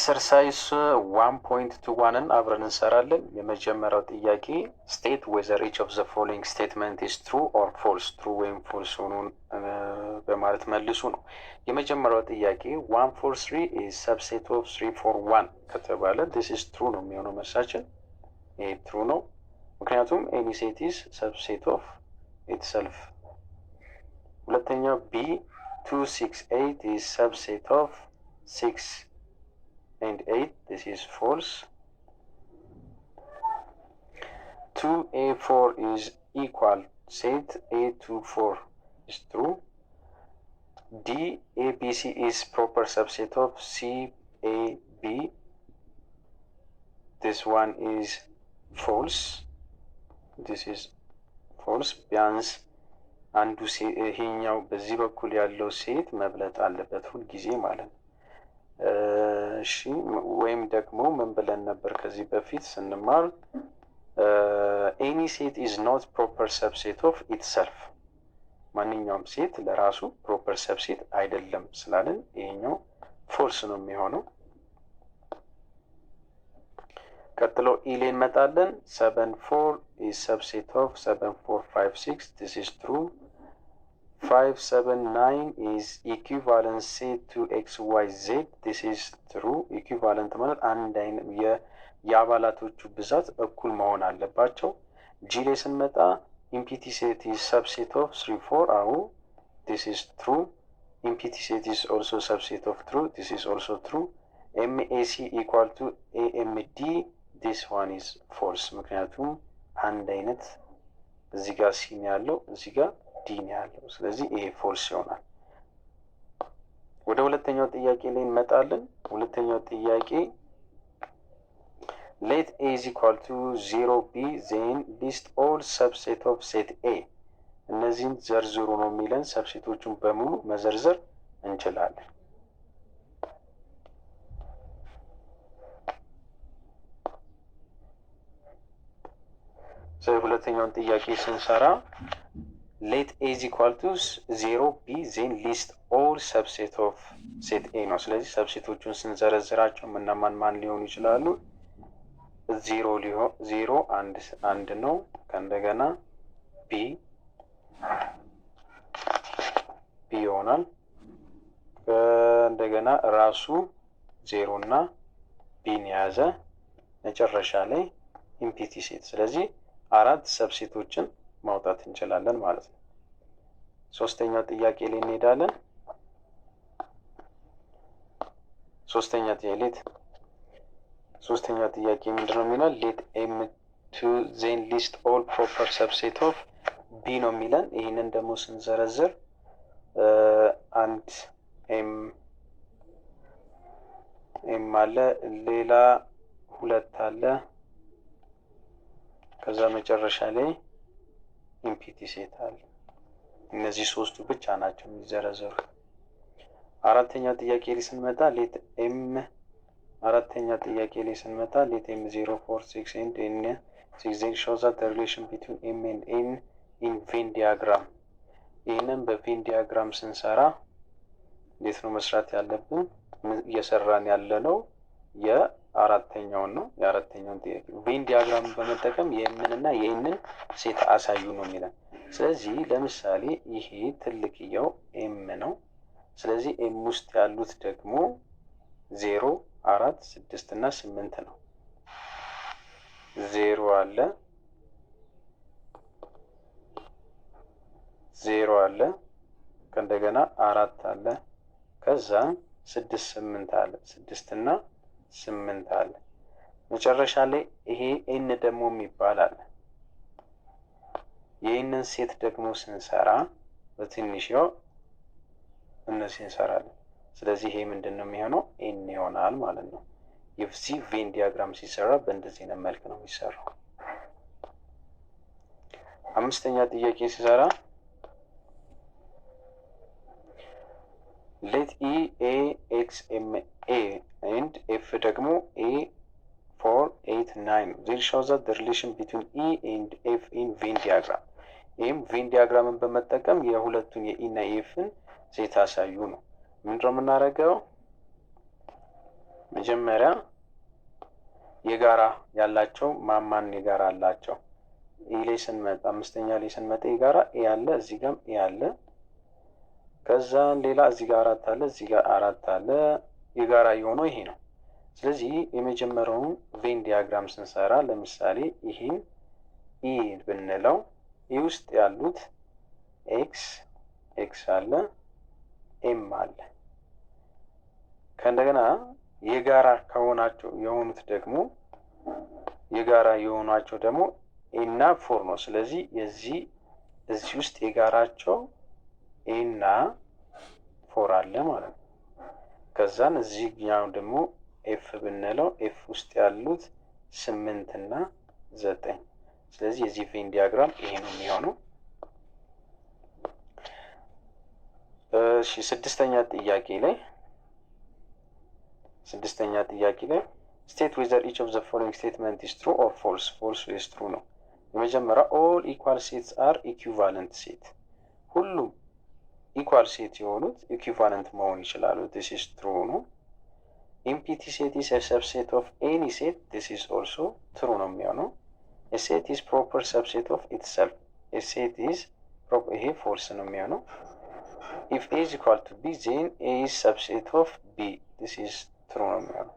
ኤክሰርሳይዝ ዋን ፖይንት ቱ ዋንን አብረን እንሰራለን። የመጀመሪያው ጥያቄ ስቴት ወዘር ኤች ኦፍ ዘ ፎሎዊንግ ስቴትመንት ኢስ ትሩ ኦር ፎልስ፣ ትሩ ወይም ፎልስ ሆኑን በማለት መልሱ ነው። የመጀመሪያው ጥያቄ ዋን ፎር ስሪ ኢዝ ሰብሴት ኦፍ ስሪ ፎር ዋን ከተባለ ዲስ ኢስ ትሩ ነው የሚሆነው መልሳችን። ይሄ ትሩ ነው ምክንያቱም ኤኒ ሴት ኢዝ ሰብሴት ኦፍ ኢትሰልፍ። ሁለተኛው ቢ ቱ ሲክስ ኤይት ኢዝ ሰብሴት ኦፍ ሲክስ and 8 this is false 2a4 is equal set a24 is true d abc is proper subset of c a b this one is false this is false ቢያንስ አንዱ ይሄኛው በዚህ በኩል ያለው ሴት መብለጥ አለበት ሁልጊዜ ማለት ነው እሺ ወይም ደግሞ ምን ብለን ነበር ከዚህ በፊት ስንማር ኤኒ ሴት ኢዝ ኖት ፕሮፐር ሰብሴት ኦፍ ኢትሰልፍ ማንኛውም ሴት ለራሱ ፕሮፐር ሰብሴት አይደለም ስላለን ይሄኛው ፎልስ ነው የሚሆነው። ቀጥሎ ኢል እንመጣለን። ሰቨን ፎር ኢዝ ሰብሴት ኦፍ ሰቨን ፎር ፋይቭ ሲክስ ዲስ ኢዝ ትሩ 579 ኢዝ ኢኩቫለንሲ ቱ ኤክስ ዋይ ዜድ ዲስ ኢዝ ማለት አንድ አይነት የአባላቶቹ ብዛት እኩል መሆን አለባቸው። ጂ ላይ ስንመጣ ኢምፒቲ ሴት ኢዝ ሰብሴት ኦፍ ስሪ ፎር አው ዲስ ኢዝ ትሩ። ኢምፒቲ ሴት ኢዝ ኦልሶ ሰብሴት ኦፍ ትሩ ዲስ ኢዝ ኦልሶ ትሩ። ኤምኤሲ ኢኳል ቱ ኤኤምዲ ዲስ ዋን ኢዝ ፎልስ። ምክንያቱም አንድ አይነት እዚህ ጋር ሲን ያለው እዚህ ጋር ዲን ያለው። ስለዚህ ይሄ ፎልስ ይሆናል። ወደ ሁለተኛው ጥያቄ ላይ እንመጣለን። ሁለተኛው ጥያቄ ሌት ኤ ኢዝ ኢኳል ቱ ዜሮ ቢ ዜን ሊስት ኦል ሰብሴት ኦፍ ሴት ኤ እነዚህን ዘርዝሩ ነው የሚለን። ሰብሴቶቹን በሙሉ መዘርዘር እንችላለን። ሁለተኛውን ጥያቄ ስንሰራ ሌት ኤዝ ኢኳል ቱ ዜሮ ቢ ዜን ሊስት ኦል ሰብሴት ኦፍ ሴት ኤ ነው። ስለዚህ ሰብሴቶቹን ስንዘረዝራቸው ምናማን ማን ሊሆኑ ይችላሉ? ዜሮ ዜሮ አንድ ነው። ከእንደገና ቢ ቢ ይሆናል። እንደገና ራሱ ዜሮ እና ቢን የያዘ መጨረሻ ላይ ኢምፒቲ ሴት። ስለዚህ አራት ሰብሴቶችን ማውጣት እንችላለን ማለት ነው። ሶስተኛው ጥያቄ ላይ እንሄዳለን። ሶስተኛ ሌት ሶስተኛው ጥያቄ ምንድን ነው የሚለን? ሌት ኤም ቱ ዜን ሊስት ኦል ፕሮፐር ሰብሴት ኦፍ ቢ ነው የሚለን። ይህንን ደግሞ ስንዘረዝር አንድ ኤም ኤም አለ፣ ሌላ ሁለት አለ፣ ከዛ መጨረሻ ላይ ኢምፒቲ ሴት አለ። እነዚህ ሶስቱ ብቻ ናቸው የሚዘረዘሩ። አራተኛ ጥያቄ ላይ ስንመጣ ሌት ኤም አራተኛ ጥያቄ ላይ ስንመጣ ሌት ኤም ዜሮ ፎር ሲክስ ኤንድ ኤን ሲክስ ኤን ዛት ሪሌሽን ቢትዊን ኤም ኤንድ ኤን ኢን ቬን ዲያግራም። ይህንን በቬን ዲያግራም ስንሰራ እንዴት ነው መስራት ያለብን? እየሰራን ያለ ነው የ አራተኛውን ነው። የአራተኛውን ጥያቄ ቬን ዲያግራም በመጠቀም ይህንንና ይህንን ሴት አሳዩ ነው የሚለን። ስለዚህ ለምሳሌ ይሄ ትልቅየው ኤም ነው። ስለዚህ ኤም ውስጥ ያሉት ደግሞ ዜሮ፣ አራት፣ ስድስት እና ስምንት ነው። ዜሮ አለ ዜሮ አለ ከእንደገና አራት አለ ከዛ ስድስት ስምንት አለ ስድስት እና ስምንት አለ። መጨረሻ ላይ ይሄ ኤን ደግሞ የሚባል አለ። ይህንን ሴት ደግሞ ስንሰራ በትንሽ ያው እነዚህ እንሰራለን። ስለዚህ ይሄ ምንድን ነው የሚሆነው? ኤን ይሆናል ማለት ነው። የዚህ ቬን ዲያግራም ሲሰራ በእንደዚህ አይነት መልክ ነው የሚሰራው። አምስተኛ ጥያቄ ሲሰራ ሌት ኢ ኤ ኤክስ ኤም ኤ ኤንድ ኤፍ ደግሞ ኤ ፎር ኤይት ናይን ነው። ዜር ሻውዝ ዘ ሪሌሽን ቢትዊን ኢ ኤንድ ኤፍ ኢን ቬን ዲያግራም። ይህም ቬን ዲያግራምን በመጠቀም የሁለቱን የኢና ኤፍን ሴት አሳዩ ነው። ምንድነው የምናደርገው? መጀመሪያ የጋራ ያላቸው ማማን የጋራ አላቸው። ኢ e ላይ ስንመጣ አምስተኛ ላይ ስንመጣ የጋራ ኤ አለ፣ እዚህ ጋም ኤ አለ። ከዛ ሌላ እዚህ ጋር አራት አለ፣ እዚህ ጋር አራት አለ የጋራ የሆነው ይሄ ነው። ስለዚህ የመጀመሪያውን ቬን ዲያግራም ስንሰራ ለምሳሌ ይሄን ኢ e ብንለው ኢ e ውስጥ ያሉት ኤክስ ኤክስ አለ ኤም አለ። ከእንደገና የጋራ ከሆናቸው የሆኑት ደግሞ የጋራ የሆኗቸው ደግሞ ኤና ፎር ነው። ስለዚህ የዚህ እዚህ ውስጥ የጋራቸው ኤና ፎር አለ ማለት ነው። ከዛን እዚህኛው ደግሞ ኤፍ ብንለው ኤፍ ውስጥ ያሉት ስምንት እና ዘጠኝ ስለዚህ የዚህ ቬን ዲያግራም ይሄ ነው የሚሆነው። እሺ ስድስተኛ ጥያቄ ላይ ስድስተኛ ጥያቄ ላይ ስቴት ዌዘር ኢች ኦፍ ዘ ፎሎዊንግ ስቴትመንት ኢዝ ትሩ ኦር ፎልስ ፎልስ ወይስ ትሩ ነው። የመጀመሪያ ኦል ኢኳል ሴትስ አር ኢኩቫለንት ሴት ሁሉም ኢኳል ሴት የሆኑት ኢኩቫለንት መሆን ይችላሉ። ዲስ ኢዝ ትሩ ነው። ኢምፒቲ ሴት ኢዝ ሰብሴት ኦፍ ኤኒ ሴት ዲስ ኢዝ ኦልሶ ትሩ ነው የሚሆነው። ሴት ኢዝ ፕሮፐር ሰብሴት ኦፍ ኢትሰልፍ ሴት ኢዝ ይሄ ፎርስ ነው የሚሆነው። ኢፍ ኤ ኢዝ ኢኳል ቱ ቢ ዜን ኤ ኢዝ ሰብሴት ኦፍ ቢ ዲስ ኢዝ ትሩ ነው የሚሆነው።